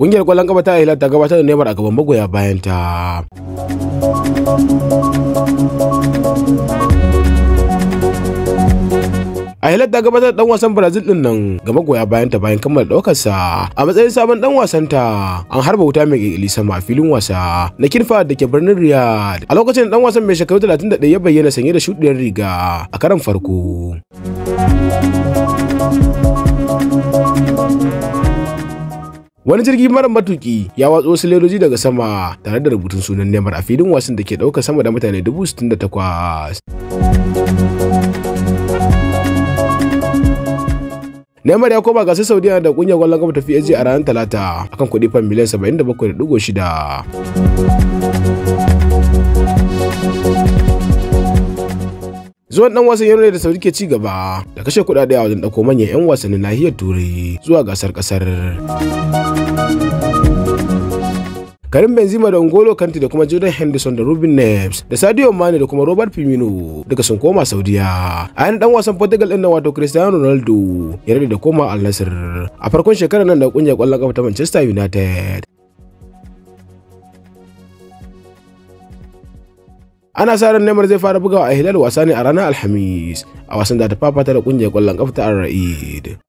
Ƙungiyar ƙwallon ƙafa ta Hilal ta gabatar da Neymar a gaban magoya bayanta. a hilar ta gabatar dan wasan brazil din nan ga magoya bayan ta bayan kammala sa a matsayin sabon dan wasan ta an harba wuta mai kikili sama a filin wasa na kinfa da ke birnin riyadh a lokacin dan wasan mai shekaru 31 ya bayyana sanye da shuɗiyar riga a karan farko Wani jirgi mara matuki ya watso wasu ledoji daga sama tare da rubutun sunan Neymar a filin wasan da ke ɗauka sama da mutane 68. Neymar ya koma gasar Saudiya da kungiyar gwallon kafa ta PSG a ranar Talata akan kuɗi fan miliyan 77.6. zuwan dan wasan ne da sauri ke ci gaba da kashe kuɗaɗe a wajen ɗauko manyan 'yan wasannin nahiyar turai zuwa gasar kasar. Karim Benzema da Ngolo kanti da kuma Jordan Henderson da Ruben Neves da Sadio Mane da kuma Robert Firmino daga sun koma Saudiya. A yan dan wasan Portugal din wato Cristiano Ronaldo ya da koma Al Nassr. A farkon shekarar nan da kungiyar kwallon kafa ta Manchester United ana sa ran Neymar zai fara bugawa a Hilal wasa ne a ranar Alhamis a wasan da ta fafata da kungiyar kwallon kafa ta Al-Ra'id.